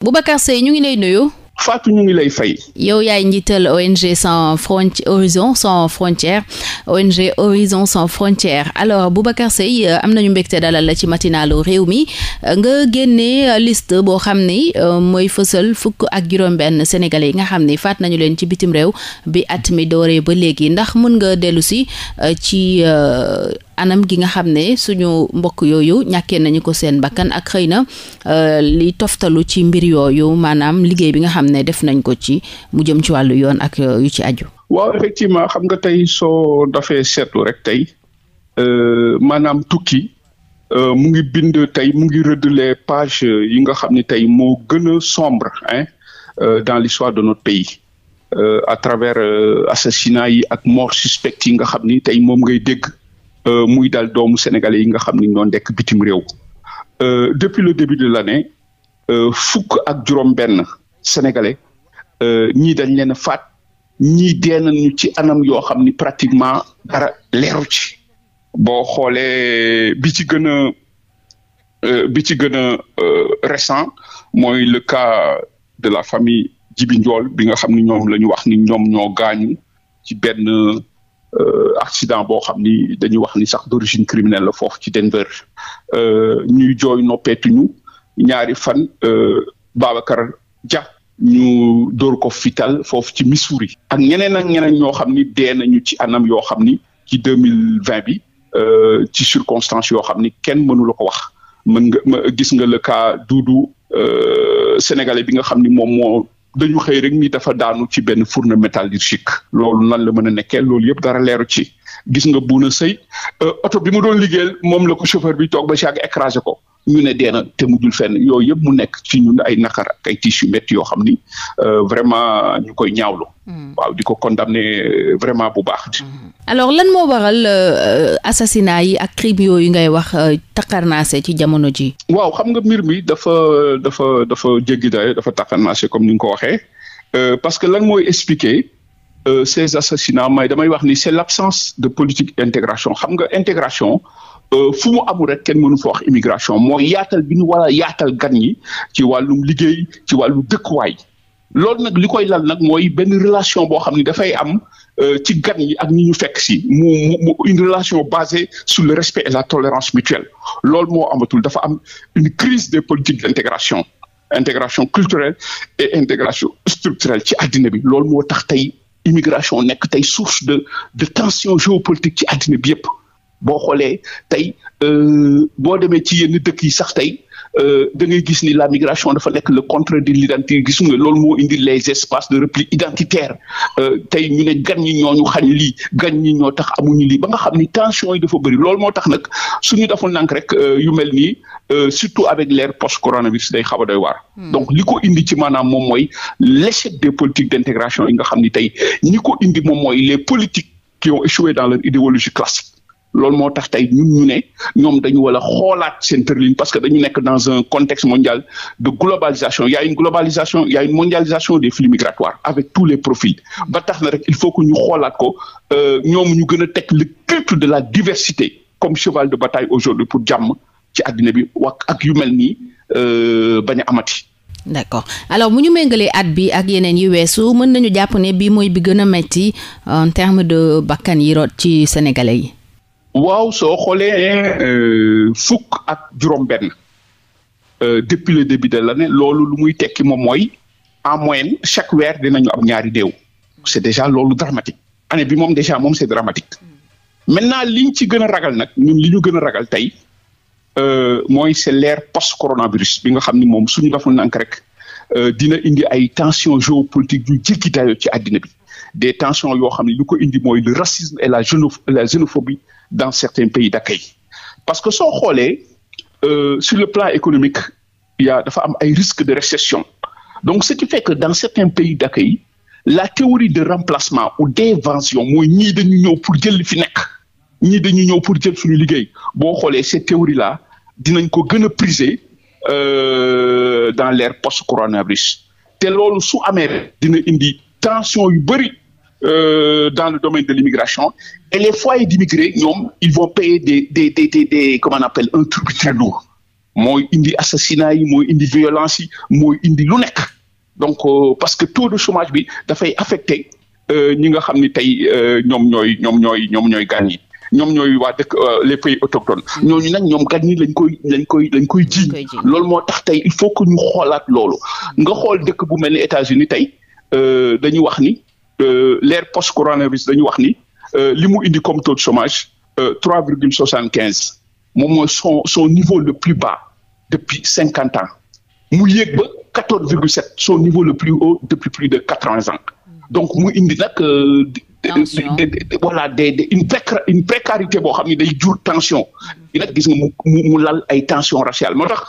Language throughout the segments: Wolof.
Boubacar Seye ñu ngi lay nuyu. Fatou ñu ngi lay fay. yow yaay njiital ONG sans fronti horizon sans frontière ONG horizon sans frontière alors Boubacar Seye euh, am nañu mbégte dalal la ci matinalu réew mi euh, nga génne liste boo xam ni euh, mooy fësal fukk ak juróom-benn sénégalais yi nga xam ni faat nañu leen ci bitim réew bi at mi dooree ba léegi ndax mën nga dellu si ci. anam gi nga xam ne suñu mbokk yooyu ñàkkee nañu ko seen bakkan ak xëy na euh, li toftalu ci mbir yooyu maanaam liggéey bi nga xam ne def nañ ko ci mu jëm ci wàllu yoon ak euh, yu ci aju. waaw effectivement xam nga tey soo dafee seetlu rek tey euh, maanaam tukki. Uh, mu ngi bind tey mu ngi redouler page yi nga xam ni tey moo gën a sombre hein euh, dans l'histoire de notre pays euh, à travers euh, assassinat yi ak mort suspect yi nga xam ni tey moom ngay dégg Euh, muy daal doomu sénégalais yi nga xam ni ñoo nekk bitim réew euh, depuis le début de l'année euh, fukk ak juróom-benn sénégalais ñii dañ leen a faat ñii dee ci anam yoo xam ni pratiquement dara leeru ci boo xoolee bi ci gën a bi ci gën a récent mooy le cas de la famille Jibi Njool bi nga xam ni ñoom la wax ni ñoom ñoo gaañu ci benn Euh, accident boo xam ni dañuy wax ni sax d'origine criminelle la foofu ci Denver euh, ñuy jooy noppeetuñu ñaari fan euh, Babacar Dia ñu dóor ko fital foofu ci Missouri ak ñeneen ak ñeneen ñoo xam ni dee nañu ci anam yoo xam ni ci deux mille vingt bi ci circonstances yoo xam ni kenn mënuloo ko wax mën nga gis nga le cas Doudou sénégalais bi nga xam ni moom moo dañu xëy rek ni dafa daanu ci benn fourneau métallurgique loolu nan la mën a nekkee loolu yëpp dara leeru ci gis nga buuna sëy euh, oto bi mu doon liggéeyal moom la ko chauffeur bi toog ba si àgg écrasé ko ñu ne dee na te mujjul fenn yooyu yëpp mu nekk ci ñun ay naqara ak ay tiis yu métti yoo xam ni euh, vraiment ñu koy ñaawlu. Hmm. waaw di ko condamné euh, vraiment bu baax. Hmm. alors lan moo waral euh, assassinat yi ak crime yooyu ngay wax takkarnaase ci jamono ji waaw xam nga mbir mi dafa dafa dafa jéggi dayo dafa takkarnaase comme ni nga ko waxee parce que lan mooy expliquer ces assassinats may damay wax ni c'est l'absence de politique intégration xam nga intégration Euh, fu mu amul rek kenn mënu fa wax immigration mooy yaatal bi ñu war yaatal gan yi ci wàllum liggéey ci wàllu dëkkuwaay loolu nag li koy lal nag mooy benn relation boo xam ne dafay am euh, ci gan yi ak ñi ñu fekk si mu mu une relation basé sur le respect et la tolérance mutuelle loolu moo amatul dafa am une crise des politiques d'intégration intégration culturelle et intégration structurelle ci àddina bi loolu moo tax tey immigration nekk tey source de de tension géopolitique ci àddina bi yëpp boo xoolee tey euh, boo demee ci yenn dëkk yi sax tey euh, da ngay gis ni la migration dafa nekk le contraire de l'identité gis nga loolu moo indi les espaces de repli identitaire euh, tey ñu ne gan ñi ñooñu xañ lii gan ñi ñoo tax amuñu lii ba nga xam ni tension yi dafa bëri lool moo tax nag suñu deful nank rek yu mel nii surtout avec l'ère post coronavirus day xaw a doy war hmm. donc li ko indi ci maanaam moom mooy l'échec des politiques d'intégration yi nga xam ni tey ni ko indi moom mooy les politiques qui ont dans leur idéologie classique loolu moo tax tey ñun ñu ne ñoom dañu war xoolaat seen tërlin parce que dañu nekk dans un contexte mondial de globalisation il y a une globalisation il y a une mondialisation des flux migratoires avec tous les profils ba tax na rek il faut que ñu xoolaat ko euh, ñoom ñu gën a teg le culte de la diversité comme cheval de bataille aujourd'hui pour jàmm ci àddina bi wax ak yu mel nii euh, bañ a amati. d'accord alors mu ñu méngalee at bi ak yeneen yu weesu mën nañu jàpp ne bii mooy bi gën a metti en terme de bakkan yi rot ci sénégalais yi. waaw soo xoolee euh, fukk ak juróom-benn euh, depuis le début de ne loolu lu muy tekki moom mooy en moyenne chaque weer dinañu am ñaari déew c'est déjà loolu dramatique année bi moom déjà moom c'est dramatique maintenant liñ ci gën a ragal nag ñun li ñu gën a ragal tey euh, mooy c'est l'ère post coronavirus bi nga xam ni moom suñu deful nank rek dina indi ay tensions géopolitiques yu jéggi ci àddina bi des tension yoo xam ne lu ko indi mooy le racisme et la la xénophobie dans certains pays d'accueil parce que soo xoolee euh, sur le plan économique il y dafa am ay risques de récession donc ce qui fait que dans certains pays d'accueil la théorie de remplacement ou d'évasion mooy ñii dañu ñëw pour jël fi nekk ñii dañu ñëw pour jël suñu liggéey boo xoolee cette théorie là dinañ ko gën a priser euh, dans l'ère post coronavirus te loolu su amee dina indi tension yu bëri euh, dans le domaine de l'immigration et les foyers d'immigrés ñoom ils vont payer des de de des, des comment on appelle un tribut très indi assassinat yi mooy indi violence yi mooy indi lu nekk donc euh, parce que taux de chômage bi dafay affecté euh, ñi nga xam ni tey euh, ñoom ñooy ñoom ñooy ñoom ñooy gan yi ñoom ñooy waa dëkk les pays autochtones mm-hmm. ñooñu nag ñoom gan yi lañ koy lañ koy lañ koy ji loolu moo tax tey il faut que ñu xoolaat loolu mm-hmm. nga xool dëkk bu mel ni États-Unis tey dañu wax ni Euh, l'ère post coronavirus dañu wax ni euh, li mu indi comme taux de chômage euh, trois virgule soixante quinze moom mooy son son niveau le plus bas depuis cinquante ans mu yéeg ba quatorze virgule sept son niveau le plus haut depuis plus de quatre-vingts ans donc mu indi nag voilà des des une préca une précarité boo xam ne day jur tension nag gis nga mu lal ay tension raciale moo tax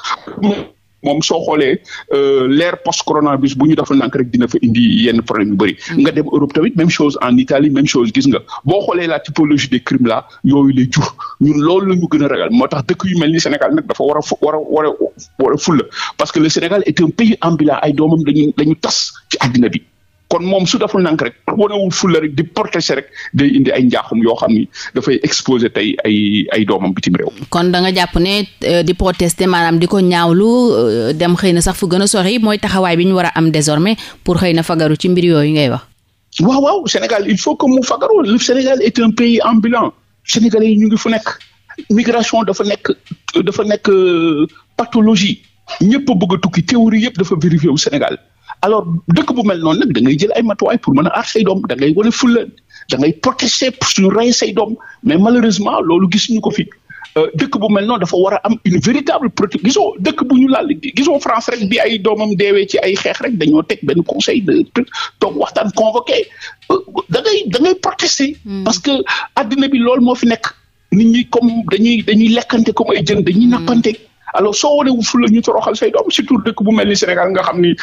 moom soo xoolee euh, l'ère post coronavirus bu ñu defal nank rek dina fa indi yenn problème yu bëri. Mm. nga dem Europe tamit même chose en Italie même chose gis nga boo xoolee la typologie des crimes là yooyu lay jur ñun loolu la ñu gën a ragal moo tax dëkk yu mel ni Sénégal nag dafa war a war a a war a parce que le Sénégal est un pays ambulant ay doomam dañu dañu tas ci àddina bi. kon moom su deful nank rek wanewul fulla rek di protéger rek day indi ay njaaxum yoo xam ni dafay exposer tey ay ay doomam bitim réew. kon da nga jàpp ne euh, di protester maanaam di ko ñaawlu euh, dem xëy na sax fu gën a sori mooy taxawaay bi ñu war a am désormais pour xëy na fagaru ci mbir yooyu ngay wax. waaw waaw Sénégal il faut que mu fagaru le Sénégal est un pays ambulant Sénégalais ñu ngi fu nekk migration dafa nekk dafa nekk euh, pathologie ñëpp bëgg a tukki théorie yëpp dafa vérifié wu Sénégal. alors dëkk bu mel noonu nag da ngay jël ay matuwaay pour mën a aar say doom da ngay wane fulla da ngay protester pour suñu rey say doom mais malheureusement loolu gisuñu ko fi euh, dëkk bu mel noonu dafa war a am une véritable politique gisoo dëkk bu ñu laal gisoo France rek bi ay doomam deewee ci ay xeex rek dañoo teg benn conseil de toog waxtaan convoqué euh, da ngay da ngay protester. Hmm. parce que addina bi loolu moo fi nekk. nit ñi comme dañuy dañuy lekkante comme ay jën dañuy nappante. alors soo wanewul fulla ñu toroxal say doom surtout dëkk bu mel ni Sénégal nga xam ni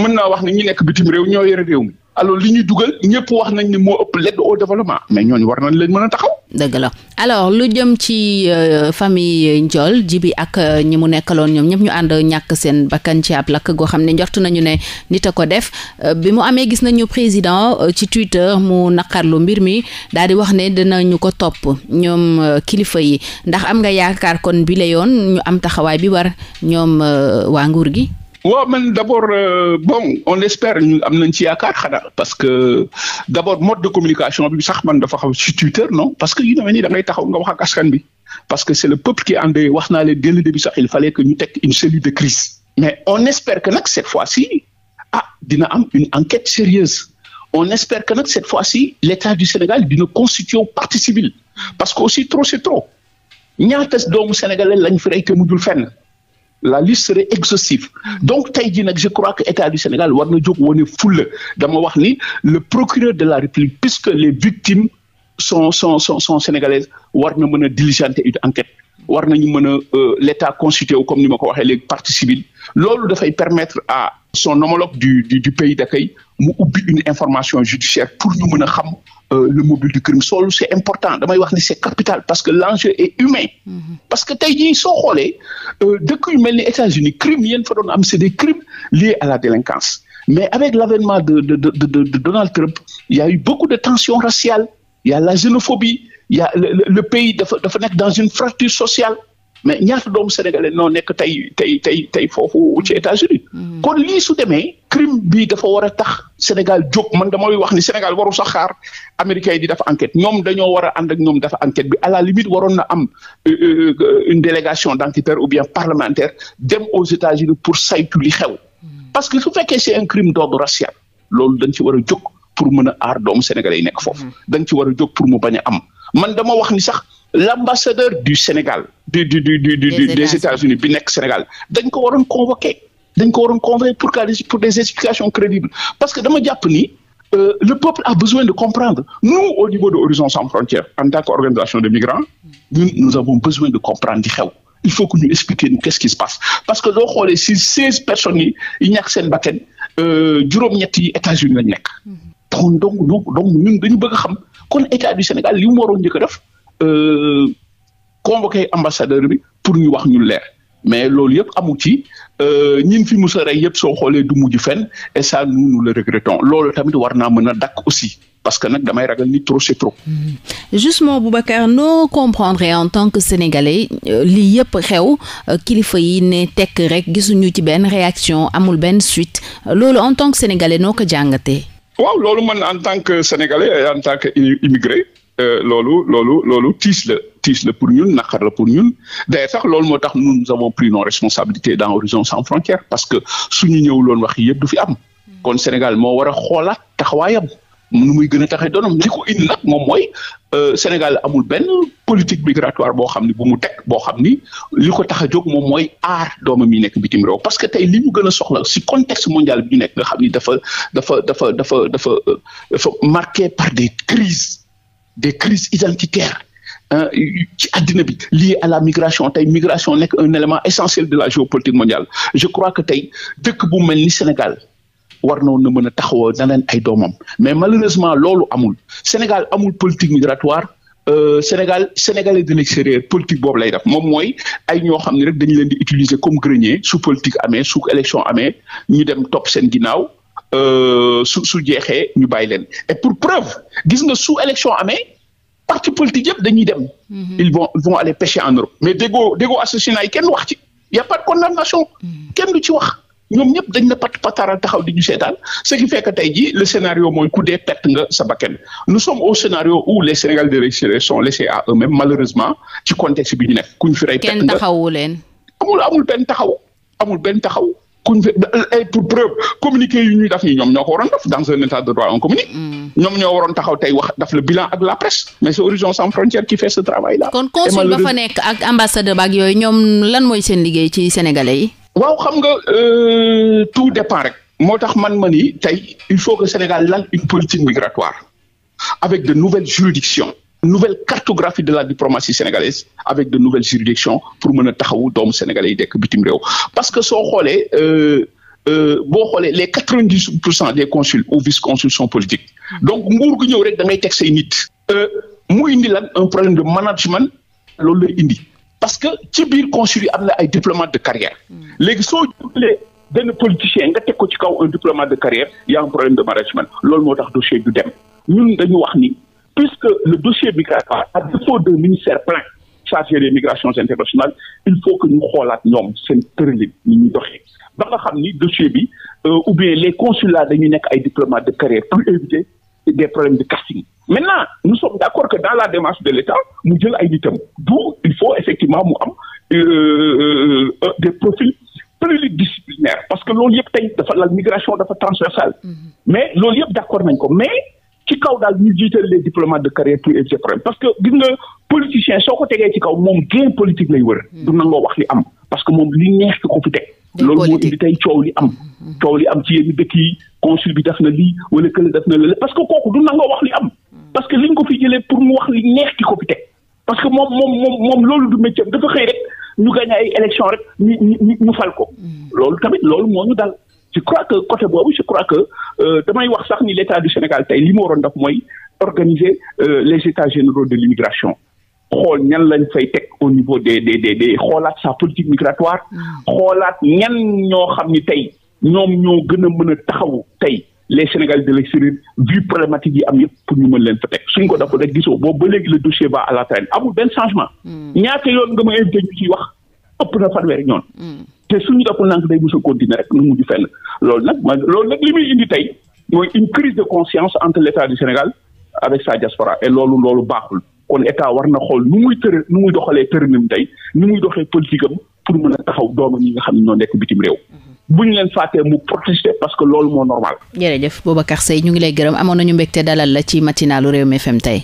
mën naa wax na ñi nekk bitim réew ñoo yore réew mi li ñu dugal ñëpp wax nañ ne moo ëpp l'aide au développement mais ñooñu war nañ leen a taxaw dëgg la alors lu jëm ci euh, famille Ndiol Djiby ak euh, ñi mu nekkaloon ñoom ñëpp ñu ànd ñàkk seen bakkan ci ab lakk goo xam ne njort nañu ne nit a ko def euh, bi mu amee gis nañu président ci Twitter mu naqarlu mbir mi daal di wax ne dinañu ko topp ñoom kilifa yi ndax am nga yaakaar kon bi yoon ñu am taxawaay bi war ñoom waa nguur gi. waaw man d' abord euh, bon on espère am nañ ci yaakaar xanaa parce que d' abord mode de communication bi sax man dafa xam ci Twitter non parce que yu demee nii da ngay taxaw nga wax ak askan bi parce que c' est le peuple qui ànd wax naa leen dès le début sax il fallait que ñu teg une cellule de crise mais on espère que nag cette fois-ci ah dina am une enquête sérieuse on espère que nag cette fois-ci l'état du Sénégal dina constituer partie civile parce que aussi trop c'est trop ñaata doomu sénégalais lañ fi rey te mujjul fenn. la liste serait exhaustive donc tey jii nag je crois que état du Sénégal war na jóg wane fulla dama wax ni le procureur de la République puisque les victimes sont sont sont sont sénégalaises war na mën a diligenter une enquête war nañu mën a euh, l'état constitué wu comme ni ma ko waxee léegi partie civile loolu dafay permettre à son homologue du du da pays d'accueil mu ubbi une information judiciaire pour ñu mën a xam euh, le mobile du crime solu c'est important damay wax ni c'est capital parce que l'enjeu est humain mhm. parce que tey jii soo xoolee euh, dëkk yu mel ni États-Unis crimes yéen fa doon am c'est des crimes liés à la délinquance mais avec l'avènement de de, de de de Donald Trump il y a eu beaucoup de tensions raciale y a la xénophobie il y a le, pays dafa dafa nekk dans une fracture sociale mais ñaata doomu sénégalais noo nekk tey tey tey tey foofu ci États-Unis mm-hmm. kon lii su demee crime bi dafa war a tax Sénégal jóg man damay wax ni Sénégal waru sax xaar américains yi di def enquête ñoom dañoo war a ànd ak ñoom dafa enquête bi à la limite waroon na am euh, euh, une délégation d'enquêteurs ou bien parlementaire dem aux États-Unis pour saytu li xew mm-hmm. parce que su fekkee c'est un crime d'ordre racial loolu dañ ci war a jóg pour mën a aar doomu sénégalais yi nekk foofu mm-hmm. dañ ci war a jóg pour mu bañ a am man dama wax ni sax l'ambassadeur du Sénégal des États-Unis bi nekk Sénégal dañ ko waroon convoquer dañ ko waroon convoquer pour des explications crédibles parce que dama jàpp ni euh, le peuple a besoin de comprendre nous au niveau de Horizon sans frontières en tant qu'organisation de migrants ñun nous avons besoin de comprendre di xew il faut que ñu expliquer nous qu'est-ce qui se passe parce que loo xoolee si seize personnes yi yi ñàkk seen bakkan euh, juróom-ñett États-Unis lañ mm-hmm. ñun dañu bëgg a xam kon état du Sénégal li mu waroon njëkk def Euh, convoqué ambassadeur bi pour ñu wax ñu leer mais loolu yëpp amu ci euh, ñin fi musa rey yëpp soo xoolee du mujj fenn et ça nous nous le regrettons loolu tamit war naa mën a dakk aussi parce que nag damay ragal ni trop c'est trop. Mm-hmm. justement Boubacar noo comprendre en tant que sénégalais euh, lii yëpp xew kilifa yi ne tekk rek gisuñu ci benn réaction amul benn suite loolu en tant que sénégalais noo ko jàngatee. waaw loolu man en tant que sénégalais en tant que immigré. Euh, loolu loolu loolu tiis la tiis la pour ñun naqar la pour ñun day sax loolu moo tax nous avons pris nos responsabilités dans Horizon sans frontières parce que suñu ñëwuloon wax yëpp du fi am kon Sénégal moo war a xoolaat taxawaayam nu muy gën a taxee doonam li ko indi nag moom mooy euh, Sénégal amul benn politique migratoire boo xam ni bu mu teg boo xam ni li ko tax a jóg moom mooy aar doomam yi nekk bitim réew parce que tey li mu gën a soxla si contexte mondial bi ñu nekk nga xam ni dafa dafa dafa dafa dafa euh, dafa marqué par des crises des crises identitaires ci addina bit lié à la migration tey migration nekk un élément essentiel de la géopolitique mondiale je crois que tey dëkk bu mel ni Sénégal war na woon mën a taxawoo daneen ay doomam mais malheureusement loolu amul Sénégal amul politique migratoire euh, Sénégal sénégalais de l'extérieur politique boobu lay ref moom mooy ay ñoo xam ne rek dañu leen di utilisé comme grenier su politique amee su élection amee ñu dem topp seen ginnaaw Euh, su su jeexee ñu bàyyi leen et pour preuve gis nga su élection amee parti politique yëpp dañuy dem. Mhm. ils vont ils vont aller pêcher en Europe. mais déggoo dégo association yi kenn wax ci y' a pas de condamnation. Mhm. kenn du ci wax ñoom ñëpp dañ na pat pataaral taxaw di ñu seetaan ce qui fait que tey jii le scénario mooy ku dee perte nga sa bakkan nous sommes au scénario où les Sénégalais de l'extérieur sont laissés à eux malheureusement ci contexte bi ñu nekk. ku ñu nga kenn taxawu leen. amul amul benn taxaw amul benn taxaw. kuñ fi ay pour preuve communiqué yu ñuy def ni ñoom ñoo ko waroon dans un état de droit on communique. Mm. ñoom ñoo waroon taxaw tey wax daf le bilan ak la presse mais c'est Horizon sans frontières qui fait ce travail là. kon consul fa nekk ak ambassadeur ba ak yooyu ñoom lan mooy sen liggéey ci sénégalais yi. waaw xam nga euh, tout dépend rek moo tax man ma ni tey il faut que Sénégal lal une politique migratoire avec de nouvelles juridictions. nouvelle cartographie de la diplomatie sénégalaise avec de nouvelles juridictions pour mën a taxawu doomu sénégalais yi dekk bitim réew parce que soo xoolee euh, euh, boo xoolee les quatre vingt dix pour cent des consuls ou vice consuls sont donc nguur gu ñëw rek da ngay teg nit euh, mu indi lan un problème de management loolu lay indi parce que ci biir consul yi am na ay diplomate de carrière léegi soo jëlee benn politicien nga teg ci kaw un diplomate de carrière y a un problème puisque le dossier migratoire à défaut d'un ministère plein chargé des migrations internationales il faut que ñu xoolaat ñoom seen tëralin ni ñuy doxee ba nga xam ni dossier bi euh, ou bien les consulats dañuy nekk ay diplomates de carrière pour éviter des problèmes de casting maintenant nous sommes d'accord que dans la démarche de l'État mu jël ay nitam d'où il faut effectivement mu am euh, euh, euh des profils pluridisciplinaires parce que loolu yëpp tey dafa la migration dafa transversale mm-hmm. ci kaw daal ñu jiital les diplomates de carrière pour et cetera parce que gis nga politicien soo ko tegee ci kaw moom gain politique lay wër. Hmm. du nangoo wax li am parce que moom li neex ko hmm, hmm, bi def na lii wala kële def na lële parce que kooku du nangoo wax li am. parce que liñ ko fi jëlee pour mu wax li neex ki ko fi teg. parce que moom moom moom loolu du métier dafa xëy rek ñu gagné ay élection rek ñu ñu ñu fal ko. loolu tamit loolu moo ñu dal. je crois que côté boobu je crois que euh, damay wax sax ni l'état du Sénégal tey li mu waroon def mooy organiser euh, les états généraux de l'immigration xool ñan lañ fay teg au niveau des des des des xoolaat sa politique migratoire mm. xoolaat ñan ñoo xam ni tey ñoom ñoo gën a mën a taxawu tey les Sénégalais de l'extérieur vu problématique yi am yëpp pour ñu mën leen fa teg suñ ko dafa rek gisoo boobu ba léegi le dossier va à la traîne amul benn changement mm. ñaata yoon nga ma invité ciy wax ëpp na fanweeri ñoon mm. te suñu deful nank day mos a continuer nu mujj fenn loolu nag li muy indi tey mooy une crise de conscience entre l' du Sénégal avec sa diaspora et loolu loolu baaxul kon état war na xool nu muy doxalee tërënam tey nu muy doxee politique pour mën a taxaw doomam yi nga xam ne ñoo nekk bitim réew. Mhm. bu ñu leen fàttee mu protester parce que loolu moo normal. jërëjëf Boubacar Seye ñu ngi lay gërëm amoon nañu mbégte dalal la ci matinalu Rewmi FM tey.